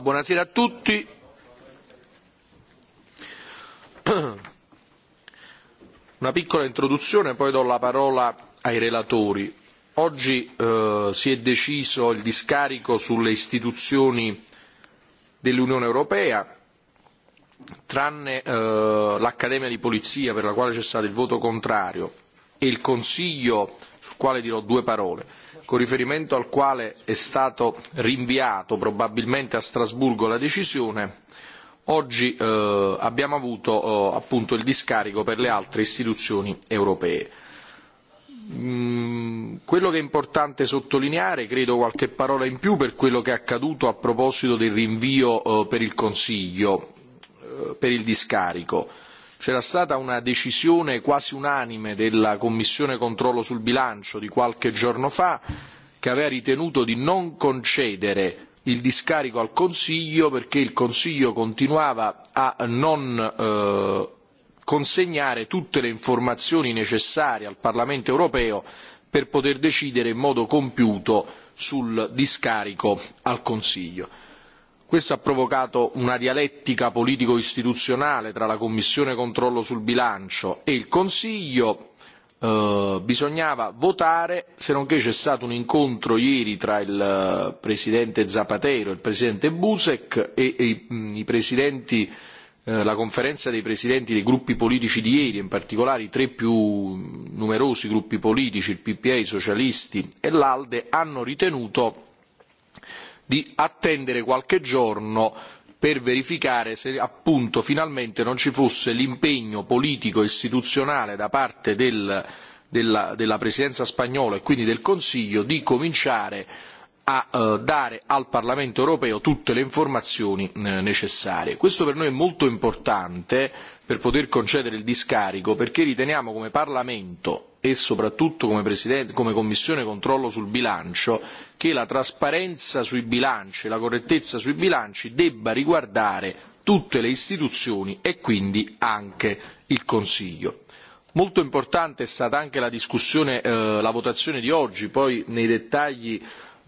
buonasera a tutti. Una piccola introduzione, poi do la parola ai relatori. Oggi si è deciso il discarico sulle istituzioni dell'Unione Europea, tranne l'Accademia di Polizia per la quale c'è stato il voto contrario e il Consiglio sul quale dirò due parole con riferimento al quale è stato rinviato probabilmente a Strasburgo la decisione, oggi abbiamo avuto appunto il discarico per le altre istituzioni europee. Quello che è importante sottolineare, credo qualche parola in più per quello che è accaduto a proposito del rinvio per il Consiglio, per il discarico c'era stata una decisione quasi unanime della Commissione controllo sul bilancio di qualche giorno fa che aveva ritenuto di non concedere il discarico al Consiglio perché il Consiglio continuava a non consegnare tutte le informazioni necessarie al Parlamento europeo per poter decidere in modo compiuto sul discarico al Consiglio. Questo ha provocato una dialettica politico-istituzionale tra la Commissione controllo sul bilancio e il Consiglio. Bisognava votare, se non che c'è stato un incontro ieri tra il Presidente Zapatero e il Presidente Buzek e i Presidenti la conferenza dei presidenti dei gruppi politici di ieri, in particolare i tre più numerosi gruppi politici, il PPA, i socialisti e l'ALDE, hanno ritenuto di attendere qualche giorno per verificare se appunto finalmente non ci fosse l'impegno politico istituzionale da parte della presidenza spagnola e quindi del consiglio di cominciare a dare al Parlamento europeo tutte le informazioni necessarie. Questo per noi è molto importante per poter concedere il discarico perché riteniamo come Parlamento e soprattutto come Commissione controllo sul bilancio che la trasparenza sui bilanci e la correttezza sui bilanci debba riguardare tutte le istituzioni e quindi anche il Consiglio. Molto importante è stata anche la discussione, la votazione di oggi, poi nei dettagli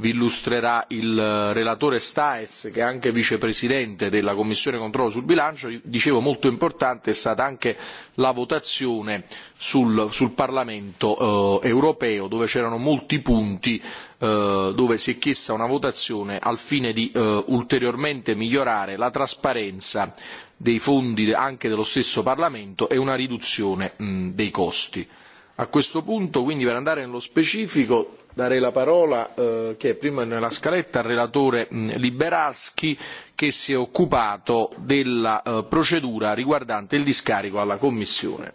vi illustrerà il relatore Staes, che è anche vicepresidente della Commissione controllo sul bilancio, dicevo molto importante è stata anche la votazione sul Parlamento europeo, dove c'erano molti punti dove si è chiesta una votazione al fine di ulteriormente migliorare la trasparenza dei fondi anche dello stesso Parlamento e una riduzione dei costi. A questo punto, quindi per andare nello specifico darei la parola che è prima nella scaletta al relatore liberadzki che si è occupato della procedura riguardante il discarico alla commissione.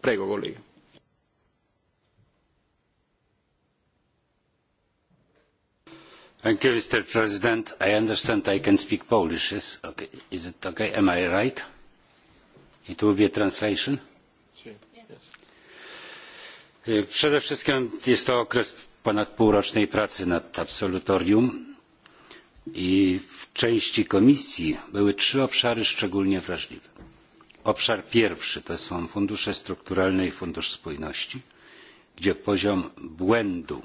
prego collega. mr president i understand i can speak polish is it okay am i right? it will be a translation? przede wszystkim jest to okres ponad półrocznej pracy nad absolutorium i w części komisji były trzy obszary szczególnie wrażliwe. Obszar pierwszy to są fundusze strukturalne i fundusz spójności, gdzie poziom błędu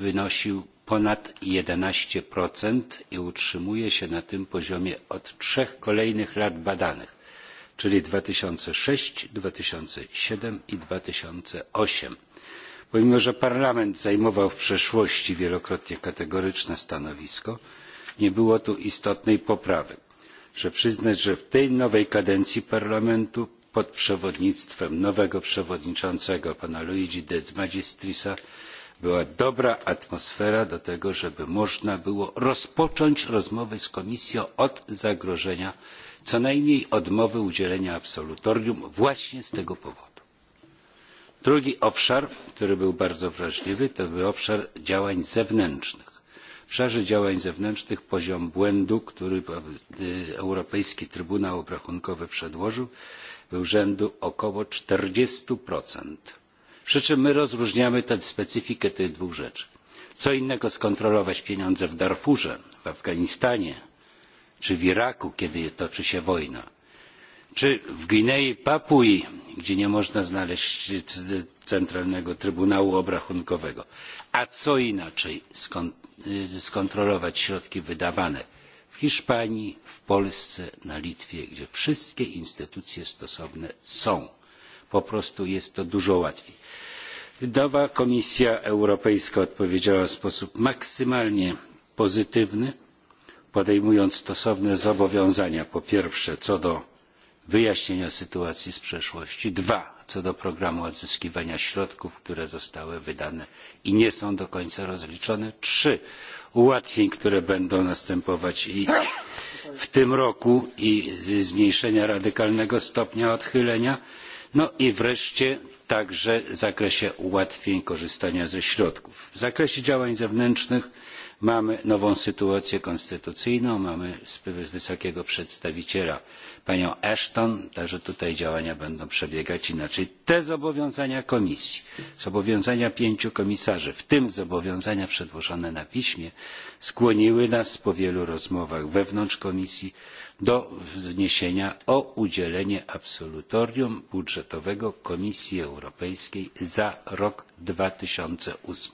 wynosił ponad 11% i utrzymuje się na tym poziomie od trzech kolejnych lat badanych, czyli 2006, 2007 i 2008 Pomimo, że Parlament zajmował w przeszłości wielokrotnie kategoryczne stanowisko, nie było tu istotnej poprawy. Muszę przyznać, że w tej nowej kadencji Parlamentu pod przewodnictwem nowego przewodniczącego pana Luigi de Magistrisa była dobra atmosfera do tego, żeby można było rozpocząć rozmowy z Komisją od zagrożenia, co najmniej odmowy udzielenia absolutorium właśnie z tego powodu drugi obszar który był bardzo wrażliwy to był obszar działań zewnętrznych. w obszarze działań zewnętrznych poziom błędu który europejski trybunał obrachunkowy przedłożył był rzędu około 40%. przy czym my rozróżniamy tę specyfikę tych dwóch rzeczy. co innego skontrolować pieniądze w darfurze w afganistanie czy w iraku kiedy toczy się wojna czy w Gwinei Papui, gdzie nie można znaleźć Centralnego Trybunału Obrachunkowego, a co inaczej skontrolować środki wydawane w Hiszpanii, w Polsce, na Litwie, gdzie wszystkie instytucje stosowne są. Po prostu jest to dużo łatwiej. Nowa Komisja Europejska odpowiedziała w sposób maksymalnie pozytywny, podejmując stosowne zobowiązania, po pierwsze co do wyjaśnienia sytuacji z przeszłości. Dwa, co do programu odzyskiwania środków, które zostały wydane i nie są do końca rozliczone. Trzy, ułatwień, które będą następować i w tym roku i zmniejszenia radykalnego stopnia odchylenia. No i wreszcie także w zakresie ułatwień korzystania ze środków. W zakresie działań zewnętrznych Mamy nową sytuację konstytucyjną, mamy wysokiego przedstawiciela panią Ashton, także tutaj działania będą przebiegać inaczej. Te zobowiązania komisji, zobowiązania pięciu komisarzy, w tym zobowiązania przedłożone na piśmie, skłoniły nas po wielu rozmowach wewnątrz komisji do wniesienia o udzielenie absolutorium budżetowego Komisji Europejskiej za rok 2008.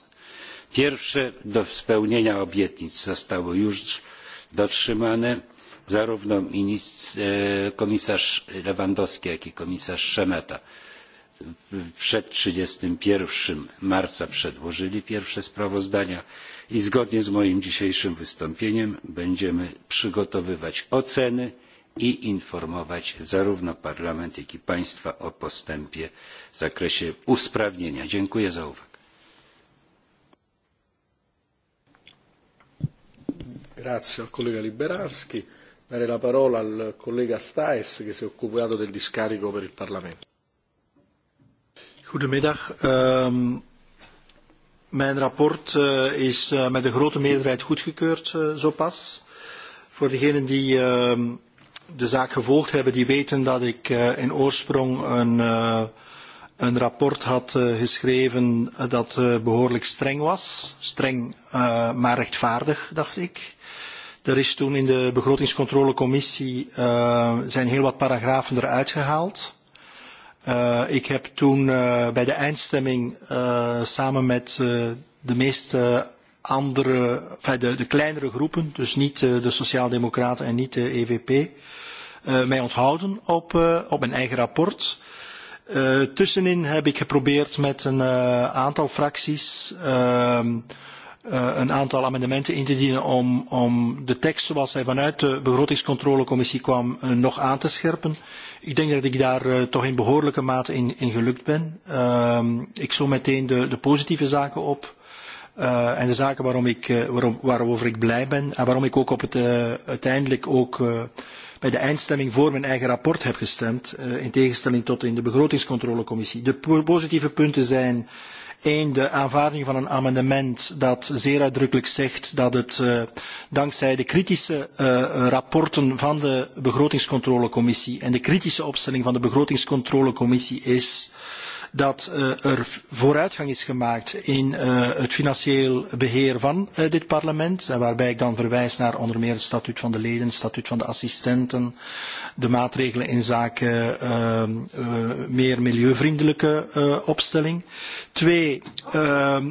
Pierwsze do spełnienia obietnic zostało już dotrzymane. Zarówno komisarz Lewandowski, jak i komisarz Szemeta przed 31 marca przedłożyli pierwsze sprawozdania i zgodnie z moim dzisiejszym wystąpieniem będziemy przygotowywać oceny i informować zarówno Parlament, jak i Państwa o postępie w zakresie usprawnienia. Dziękuję za uwagę. Grazie al collega Liberanski. Dare la parola al collega Staes che si è occupato del discarico per il Parlamento. Goedemiddag. Mijn rapport is met een grote meerderheid goedgekeurd zo pas. Voor degenen die de zaak gevolgd hebben, die weten dat ik in oorsprong een rapport had geschreven dat behoorlijk streng was. Streng, maar rechtvaardig, dacht ik. Er is toen in de begrotingscontrolecommissie zijn heel wat paragrafen eruit gehaald. Ik heb toen bij de eindstemming samen met de meeste andere, enfin de kleinere groepen, dus niet de Sociaaldemocraten en niet de EVP, mij onthouden op mijn eigen rapport. Tussenin heb ik geprobeerd met een aantal fracties een aantal amendementen in te dienen om de tekst zoals hij vanuit de begrotingscontrolecommissie kwam nog aan te scherpen. Ik denk dat ik daar toch in behoorlijke mate in gelukt ben. Ik zo meteen de positieve zaken op en de zaken waarover ik blij ben en waarom ik ook op het, uiteindelijk ook bij de eindstemming voor mijn eigen rapport heb gestemd, in tegenstelling tot in de begrotingscontrolecommissie. De positieve punten zijn Eén, de aanvaarding van een amendement dat zeer uitdrukkelijk zegt dat het dankzij de kritische rapporten van de begrotingscontrolecommissie en de kritische opstelling van de begrotingscontrolecommissie is dat er vooruitgang is gemaakt in het financieel beheer van dit parlement, waarbij ik dan verwijs naar onder meer het statuut van de leden, het statuut van de assistenten, de maatregelen in zaken meer milieuvriendelijke opstelling. Twee,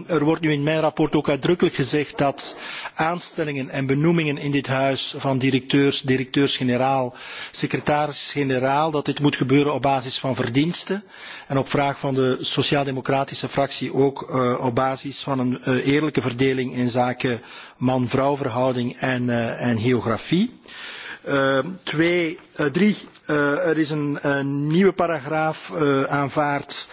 er wordt nu in mijn rapport ook uitdrukkelijk gezegd dat aanstellingen en benoemingen in dit huis van directeurs, directeurs-generaal, secretaris-generaal, dat dit moet gebeuren op basis van verdiensten en op vraag van van de sociaal-democratische fractie ook op basis van een eerlijke verdeling in zaken man-vrouw verhouding en geografie. Drie, er is een nieuwe paragraaf aanvaard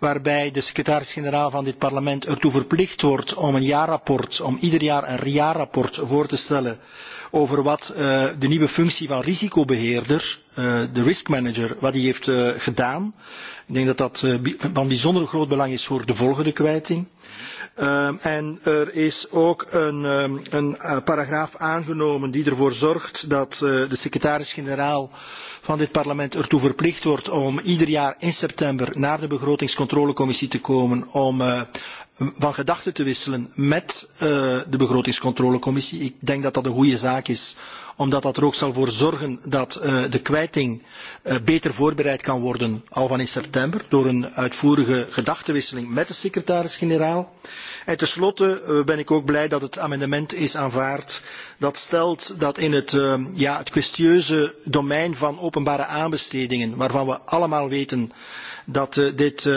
waarbij de secretaris-generaal van dit parlement ertoe verplicht wordt om een jaarrapport, om ieder jaar een jaarrapport voor te stellen over wat de nieuwe functie van risicobeheerder, de risk manager, wat heeft gedaan. Ik denk dat dat van bijzonder groot belang is voor de volgende kwijting. En er is ook een paragraaf aangenomen die ervoor zorgt dat de secretaris-generaal van dit parlement ertoe verplicht wordt om ieder jaar in september naar de begrotingscontrolecommissie te komen om van gedachten te wisselen met de begrotingscontrolecommissie. Ik denk dat dat een goede zaak is omdat dat er ook zal voor zorgen dat de kwijting beter voorbereid kan worden al van in september door een uitvoerige gedachtenwisseling met de secretaris-generaal. En tenslotte ben ik ook blij dat het amendement is aanvaard dat stelt dat in het kwestieuze domein van openbare aanbestedingen, waarvan we allemaal weten dat dit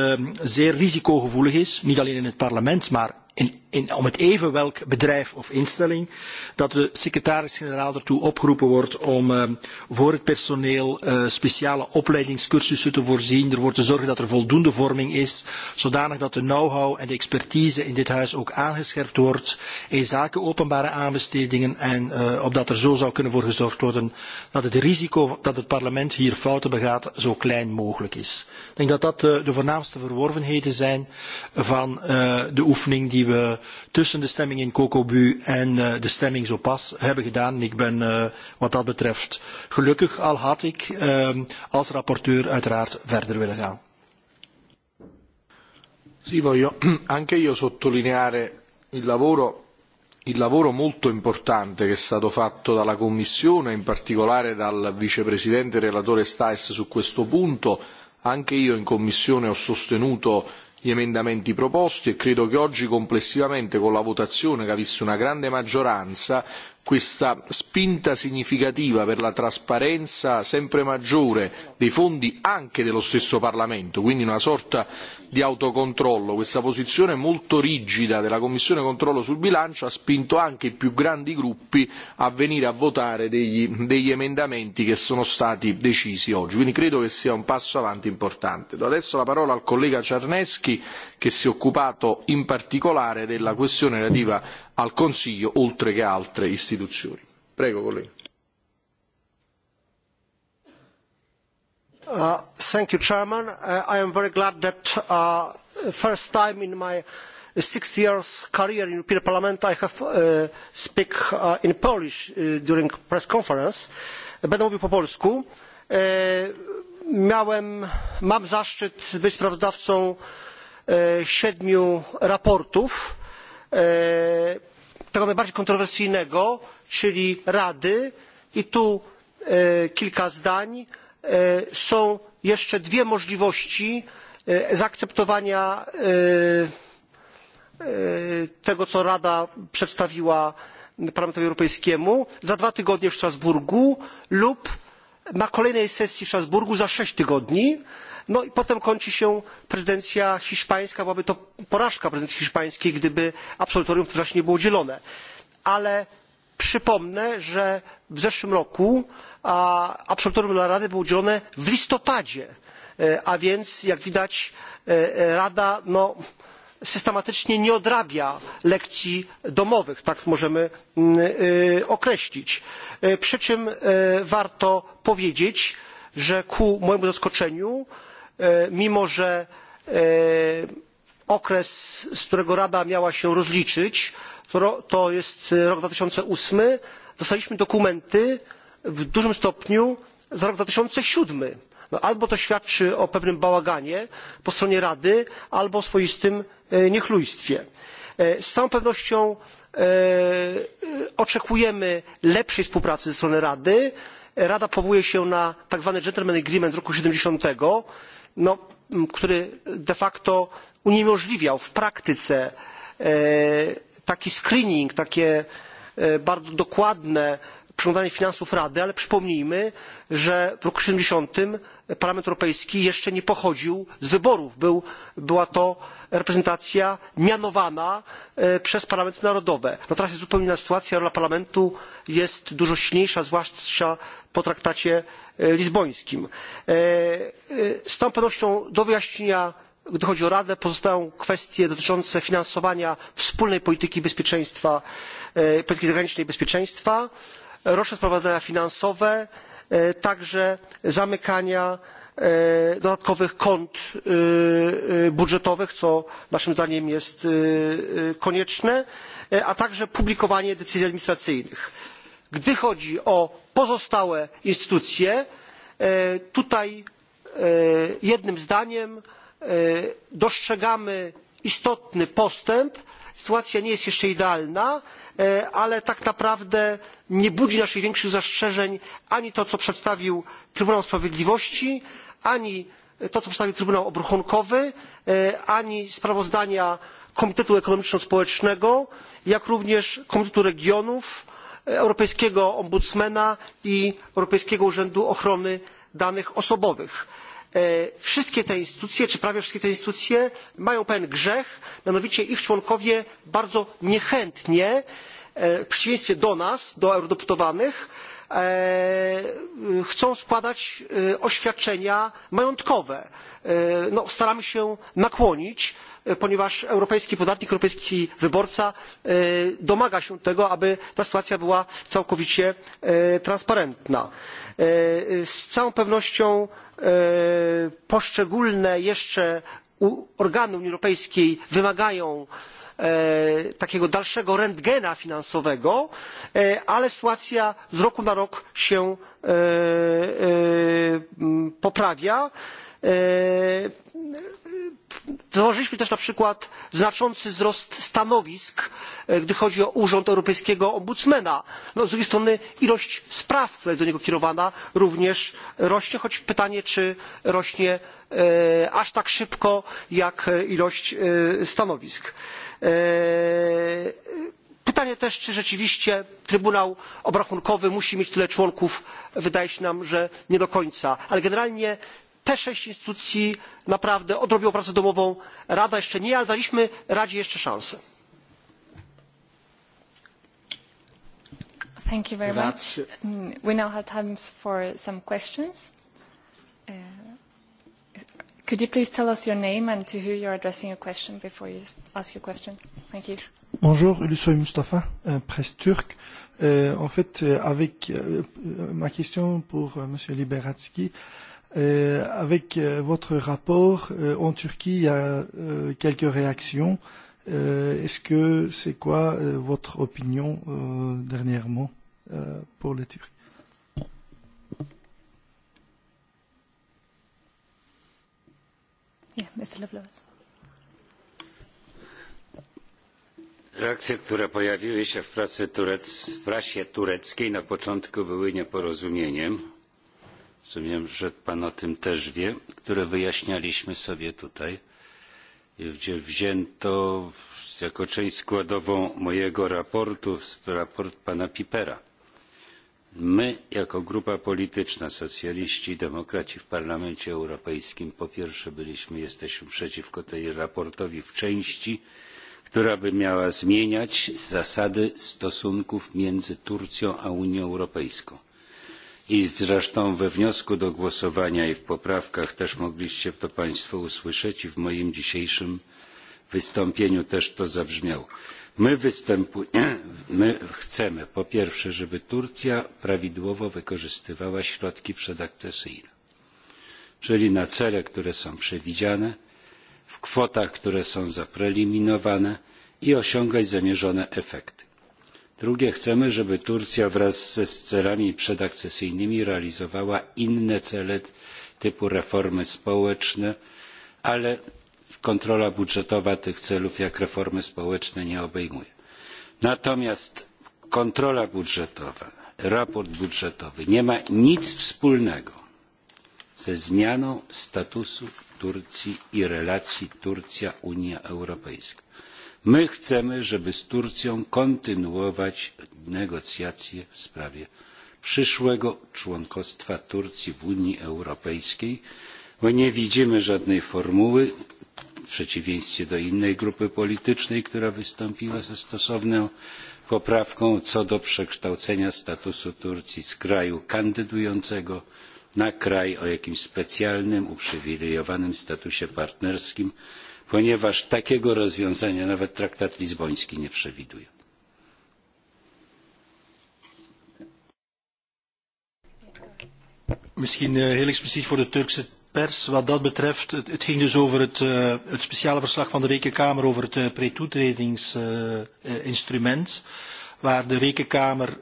zeer risicogevoelig is, niet alleen in het parlement, maar in om het even welk bedrijf of instelling, dat de secretaris-generaal ertoe opgeroepen wordt om voor het personeel speciale opleidingscursussen te voorzien, ervoor te zorgen dat er voldoende vorming is, zodanig dat de know-how en de expertise in dit huis ook aangescherpt wordt in zaken openbare aanbestedingen en opdat er zo zou kunnen voor gezorgd worden dat het risico dat het parlement hier fouten begaat zo klein mogelijk is. Ik denk dat dat de voornaamste verworvenheden zijn van de oefening die we tussen de stemming in Kokobu en de stemming zo pas hebben gedaan. Ik ben wat dat betreft gelukkig, al had ik als rapporteur uiteraard verder willen gaan. Sì, voglio anche io sottolineare il lavoro il lavoro molto importante che è stato fatto dalla Commissione, in particolare dal Vicepresidente Relatore Stais su questo punto. Anche io in Commissione ho sostenuto gli emendamenti proposti e credo che oggi complessivamente con la votazione che ha visto una grande maggioranza questa spinta significativa per la trasparenza sempre maggiore dei fondi anche dello stesso Parlamento, quindi una sorta di autocontrollo. Questa posizione molto rigida della Commissione Controllo sul Bilancio ha spinto anche i più grandi gruppi a venire a votare degli emendamenti che sono stati decisi oggi. Quindi credo che sia un passo avanti importante. Do adesso la parola al collega Czarneschi che si è occupato in particolare della questione relativa al Consiglio oltre che a altre istituzioni. Prego, collega. Thank you, Chairman. I am very glad that first time in my six years career in European Parliament I have speak in Polish during press conference. Będę mówił po polsku. Miałem, mam zaszczyt być sprawozdawcą siedmiu raportów tego najbardziej kontrowersyjnego czyli rady i tu kilka zdań są jeszcze dwie możliwości zaakceptowania tego co rada przedstawiła parlamentowi europejskiemu za dwa tygodnie w strasburgu lub na kolejnej sesji w strasburgu za sześć tygodni. No i potem kończy się prezydencja hiszpańska, byłaby to porażka prezydencji hiszpańskiej, gdyby absolutorium w tym czasie nie było udzielone, Ale przypomnę, że w zeszłym roku absolutorium dla Rady było udzielone w listopadzie, a więc jak widać Rada systematycznie nie odrabia lekcji domowych, tak możemy określić. Przy czym warto powiedzieć, że ku mojemu zaskoczeniu mimo że okres z którego rada miała się rozliczyć to jest rok 2008, tysiące dostaliśmy dokumenty w dużym stopniu za rok 2007. tysiące albo to świadczy o pewnym bałaganie po stronie rady albo o swoistym niechlujstwie. z całą pewnością oczekujemy lepszej współpracy ze strony rady rada powołuje się na tak zwany gentlemen's agreement z roku tysiąc dziewięćset który de facto uniemożliwiał w praktyce taki screening takie bardzo dokładne przeglądanie finansów Rady, ale przypomnijmy, że w roku 70 Parlament Europejski jeszcze nie pochodził z wyborów. Była to reprezentacja mianowana przez parlamenty narodowe. No teraz jest zupełnie inna sytuacja. Rola Parlamentu jest dużo silniejsza, zwłaszcza po traktacie lizbońskim. Z tą pewnością do wyjaśnienia, gdy chodzi o Radę, pozostają kwestie dotyczące finansowania wspólnej polityki bezpieczeństwa, polityki zagranicznej i bezpieczeństwa roczne sprawozdania finansowe także zamykania dodatkowych kont budżetowych co naszym zdaniem jest konieczne a także publikowanie decyzji administracyjnych. gdy chodzi o pozostałe instytucje tutaj jednym zdaniem dostrzegamy istotny postęp sytuacja nie jest jeszcze idealna ale tak naprawdę nie budzi naszych większych zastrzeżeń ani to co przedstawił trybunał sprawiedliwości ani to co przedstawił trybunał obrachunkowy ani sprawozdania komitetu ekonomiczno społecznego jak również komitetu regionów europejskiego ombudsmana i europejskiego urzędu ochrony danych osobowych wszystkie te instytucje czy prawie wszystkie te instytucje mają pewien grzech mianowicie ich członkowie bardzo niechętnie w przeciwieństwie do nas do eurodeputowanych chcą składać oświadczenia majątkowe. staramy się nakłonić ponieważ europejski podatnik europejski wyborca domaga się tego aby ta sytuacja była całkowicie transparentna. z całą pewnością poszczególne jeszcze organy unii europejskiej wymagają takiego dalszego rentgena finansowego ale sytuacja z roku na rok się poprawia Zauważyliśmy też na przykład znaczący wzrost stanowisk, gdy chodzi o Urząd Europejskiego Ombudsmana. Z drugiej strony ilość spraw, która jest do niego kierowana, również rośnie, choć pytanie, czy rośnie aż tak szybko, jak ilość stanowisk. Pytanie też, czy rzeczywiście Trybunał Obrachunkowy musi mieć tyle członków. Wydaje się nam, że nie do końca. Ale generalnie te sześć instytucji naprawdę odrobiło pracę domową rada jeszcze nie ale daliśmy radzie jeszcze szansę. Thank you very much. We now have time for some questions. Could you please tell us your name and to who you're addressing your question before you ask your question? Thank you. Bonjour, Ulusoy Mustafa, presse turque. En fait, avec ma question pour Monsieur Liberatsky Avec votre rapport, en Turquie, il y a quelques réactions. Est-ce que c'est quoi votre opinion dernièrement pour les Turcs Reakcje, które pojawiły się w prasie tureckiej na początku były nieporozumieniem Rozumiem, że Pan o tym też wie, które wyjaśnialiśmy sobie tutaj, gdzie wzięto jako część składową mojego raportu, raport Pana Pipera. My, jako grupa polityczna, socjaliści i demokraci w Parlamencie Europejskim, po pierwsze byliśmy, jesteśmy przeciwko tej raportowi w części, która by miała zmieniać zasady stosunków między Turcją a Unią Europejską i zresztą we wniosku do głosowania i w poprawkach też mogliście to Państwo usłyszeć i w moim dzisiejszym wystąpieniu też to zabrzmiało. My chcemy po pierwsze, żeby Turcja prawidłowo wykorzystywała środki przedakcesyjne, czyli na cele, które są przewidziane, w kwotach, które są zapreliminowane i osiągać zamierzone efekty drugie chcemy żeby turcja wraz ze celami przedakcesyjnymi realizowała inne cele typu reformy społeczne ale kontrola budżetowa tych celów jak reformy społeczne nie obejmuje. natomiast kontrola budżetowa raport budżetowy nie ma nic wspólnego ze zmianą statusu turcji i relacji turcja unia europejska. My chcemy, żeby z Turcją kontynuować negocjacje w sprawie przyszłego członkostwa Turcji w Unii Europejskiej, bo nie widzimy żadnej formuły, w przeciwieństwie do innej grupy politycznej, która wystąpiła ze stosowną poprawką co do przekształcenia statusu Turcji z kraju kandydującego na kraj o jakimś specjalnym, uprzywilejowanym statusie partnerskim ponieważ takiego rozwiązania nawet traktat lizboński nie przewiduje. Misschien heel expliciet voor de Turkse pers wat dat betreft. Het ging dus over het speciale verslag van de Rekenkamer over het pretoetredingsinstrument, waar de Rekenkamer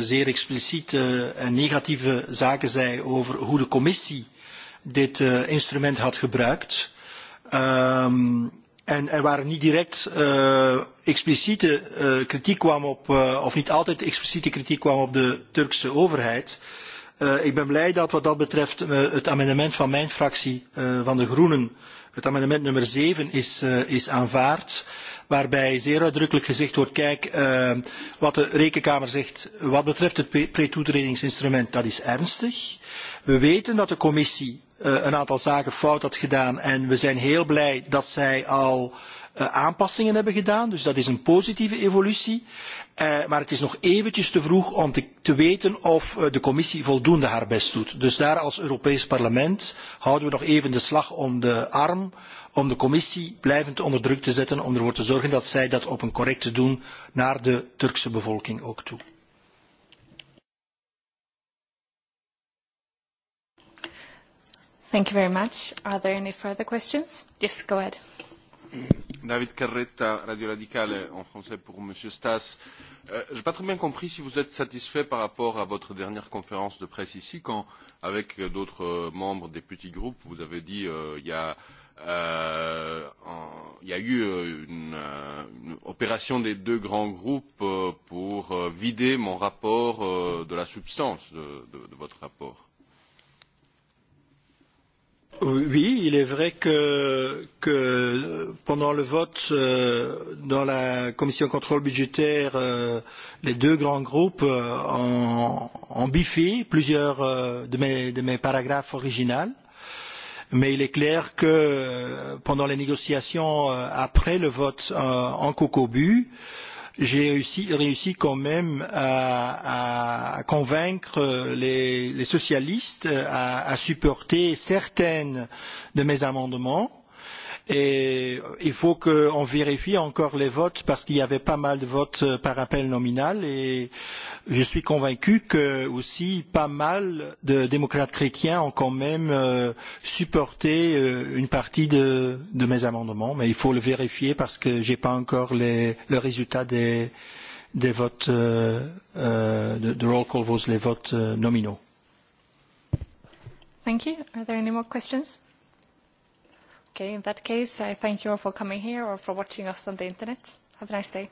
zeer expliciete en negatieve zaken zei over hoe de commissie dit instrument had gebruikt En er waren niet direct expliciete kritiek kwam op, of niet altijd expliciete kritiek kwam op de Turkse overheid. Ik ben blij dat wat dat betreft het amendement van mijn fractie, van de Groenen, het amendement nummer 7, is aanvaard. Waarbij zeer uitdrukkelijk gezegd wordt, kijk, wat de Rekenkamer zegt wat betreft het pre-toetredingsinstrument, dat is ernstig. We weten dat de commissie een aantal zaken fout had gedaan. En we zijn heel blij dat zij al aanpassingen hebben gedaan. Dus dat is een positieve evolutie. Maar het is nog eventjes te vroeg om te weten of de commissie voldoende haar best doet. Dus daar als Europees parlement houden we nog even de slag om de arm om de commissie blijvend onder druk te zetten om ervoor te zorgen dat zij dat op een correcte doen naar de Turkse bevolking ook toe. Thank you very much. Are there any further questions? Yes, go ahead. David Carretta, Radio Radicale, en français pour Monsieur Stas. Je n'ai pas très bien compris si vous êtes satisfait par rapport à votre dernière conférence de presse ici, quand, avec d'autres membres des petits groupes, vous avez dit il y a eu une opération des deux grands groupes pour vider mon rapport de la substance de votre rapport Oui, il est vrai que, que pendant le vote dans la commission contrôle budgétaire, les deux grands groupes ont, ont biffé plusieurs de mes, de mes paragraphes originaux. Mais il est clair que pendant les négociations après le vote en cocobu, euh, j'ai réussi, réussi quand même à, à convaincre les, les socialistes à, à supporter certaines de mes amendements Et il faut qu'on vérifie encore les votes parce qu'il y avait pas mal de votes par appel nominal et je suis convaincu que aussi pas mal de démocrates chrétiens ont quand même supporté une partie de mes amendements. Mais il faut le vérifier parce que je n'ai pas encore le résultat des votes, de roll call votes, les votes nominaux. Thank more questions? Okay, in that case, I thank you all for coming here or for watching us on the internet. Have a nice day.